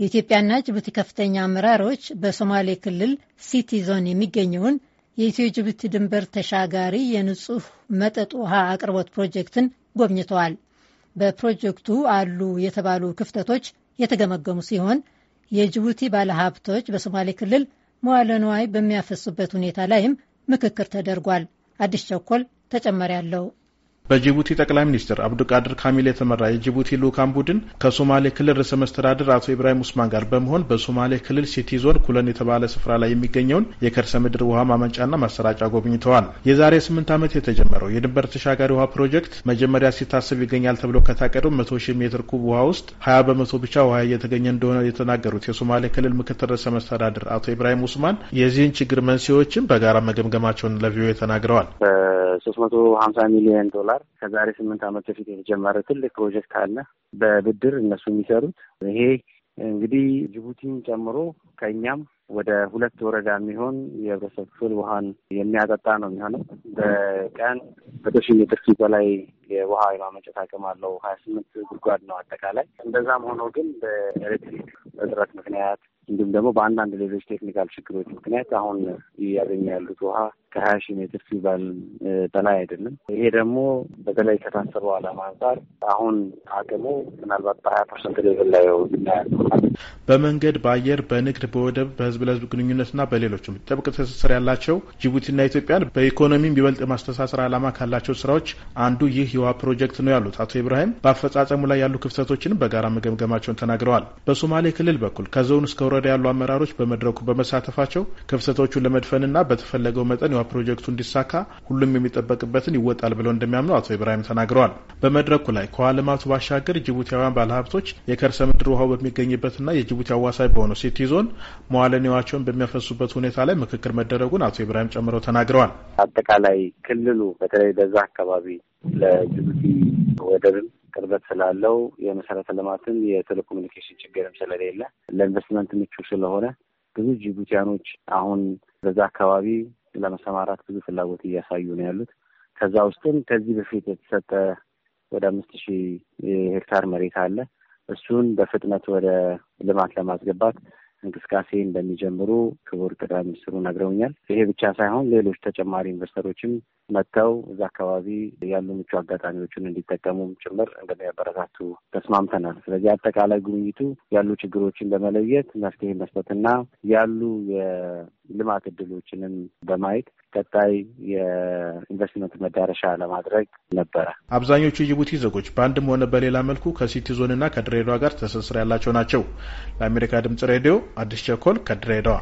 የኢትዮጵያና ጅቡቲ ከፍተኛ አመራሮች በሶማሌ ክልል ሲቲ ዞን የሚገኘውን የኢትዮ ጅቡቲ ድንበር ተሻጋሪ የንጹህ መጠጥ ውሃ አቅርቦት ፕሮጀክትን ጎብኝተዋል። በፕሮጀክቱ አሉ የተባሉ ክፍተቶች የተገመገሙ ሲሆን የጅቡቲ ባለሀብቶች በሶማሌ ክልል መዋለ ንዋይ በሚያፈሱበት ሁኔታ ላይም ምክክር ተደርጓል። አዲስ ቸኮል ተጨማሪ አለው። በጅቡቲ ጠቅላይ ሚኒስትር አብዱቃድር ካሚል የተመራ የጅቡቲ ልኡካን ቡድን ከሶማሌ ክልል ርዕሰ መስተዳድር አቶ ኢብራሂም ኡስማን ጋር በመሆን በሶማሌ ክልል ሲቲ ዞን ኩለን የተባለ ስፍራ ላይ የሚገኘውን የከርሰ ምድር ውሃ ማመንጫና ማሰራጫ ጎብኝተዋል። የዛሬ ስምንት ዓመት የተጀመረው የድንበር ተሻጋሪ ውሃ ፕሮጀክት መጀመሪያ ሲታሰብ ይገኛል ተብሎ ከታቀደው መቶ ሺህ ሜትር ኩብ ውሃ ውስጥ ሀያ በመቶ ብቻ ውሃ እየተገኘ እንደሆነ የተናገሩት የሶማሌ ክልል ምክትል ርዕሰ መስተዳድር አቶ ኢብራሂም ኡስማን የዚህን ችግር መንስዎችን በጋራ መገምገማቸውን ለቪኦኤ ተናግረዋል። ሶስት መቶ ሀምሳ ሚሊዮን ዶላር አንጻር ከዛሬ ስምንት ዓመት በፊት የተጀመረ ትልቅ ፕሮጀክት አለ። በብድር እነሱ የሚሰሩት ይሄ እንግዲህ ጅቡቲን ጨምሮ ከእኛም ወደ ሁለት ወረዳ የሚሆን የህብረተሰብ ክፍል ውሃን የሚያጠጣ ነው የሚሆነው። በቀን መቶ ሺህ ሜትር ኪዩብ በላይ የውሃ የማመንጨት አቅም አለው። ሀያ ስምንት ጉድጓድ ነው አጠቃላይ። እንደዛም ሆኖ ግን በኤሌክትሪክ እጥረት ምክንያት እንዲሁም ደግሞ በአንዳንድ ሌሎች ቴክኒካል ችግሮች ምክንያት አሁን እያገኘ ያሉት ውሃ ከሀያ ሺህ ሜትር ሲባል በላይ አይደለም። ይሄ ደግሞ በተለይ ከታሰበው ዓላማ አንጻር አሁን አቅሙ ምናልባት በሀያ ፐርሰንት ሌቭል ላይ በመንገድ በአየር በንግድ በወደብ በህዝብ ለህዝብ ግንኙነትና በሌሎችም ጥብቅ ትስስር ያላቸው ጅቡቲና ኢትዮጵያን በኢኮኖሚም ቢበልጥ ማስተሳሰር ዓላማ ካላቸው ስራዎች አንዱ ይህ የውሃ ፕሮጀክት ነው ያሉት አቶ ኢብራሂም በአፈጻጸሙ ላይ ያሉ ክፍተቶችንም በጋራ መገምገማቸውን ተናግረዋል። በሶማሌ ክልል በኩል ከዞን እስከ ወረዳ ያሉ አመራሮች በመድረኩ በመሳተፋቸው ክፍተቶቹን ለመድፈንና በተፈለገው መጠን የውሃ ፕሮጀክቱ እንዲሳካ ሁሉም የሚጠበቅበትን ይወጣል ብለው እንደሚያምኑ አቶ ኢብራሂም ተናግረዋል። በመድረኩ ላይ ከውሃ ልማቱ ባሻገር ጅቡቲያውያን ባለሀብቶች የከርሰ ምድር ውሃው በሚገኝበትና የጅቡቲ አዋሳኝ በሆነው ሲቲ ዞን መዋለ ንዋያቸውን በሚያፈሱበት ሁኔታ ላይ ምክክር መደረጉን አቶ ኢብራሂም ጨምረው ተናግረዋል። አጠቃላይ ክልሉ በተለይ በዛ አካባቢ ለጅቡቲ ወደብም ቅርበት ስላለው የመሰረተ ልማትም የቴሌኮሙኒኬሽን ችግርም ስለሌለ ለኢንቨስትመንት ምቹ ስለሆነ ብዙ ጅቡቲያኖች አሁን በዛ አካባቢ ለመሰማራት ብዙ ፍላጎት እያሳዩ ነው ያሉት። ከዛ ውስጥም ከዚህ በፊት የተሰጠ ወደ አምስት ሺህ ሄክታር መሬት አለ። እሱን በፍጥነት ወደ ልማት ለማስገባት እንቅስቃሴ እንደሚጀምሩ ክቡር ጠቅላይ ሚኒስትሩ ነግረውኛል። ይሄ ብቻ ሳይሆን ሌሎች ተጨማሪ ኢንቨስተሮችም መጥተው እዛ አካባቢ ያሉ ምቹ አጋጣሚዎችን እንዲጠቀሙም ጭምር እንደሚያበረታቱ ተስማምተናል። ስለዚህ አጠቃላይ ጉብኝቱ ያሉ ችግሮችን በመለየት መፍትሄ መስጠትና ያሉ የልማት እድሎችንም በማየት ቀጣይ የኢንቨስትመንት መዳረሻ ለማድረግ ነበረ። አብዛኞቹ የጅቡቲ ዜጎች በአንድም ሆነ በሌላ መልኩ ከሲቲ ዞንና ከድሬዳዋ ጋር ትስስር ያላቸው ናቸው። ለአሜሪካ ድምጽ ሬዲዮ አዲስ ቸኮል ከድሬዳዋ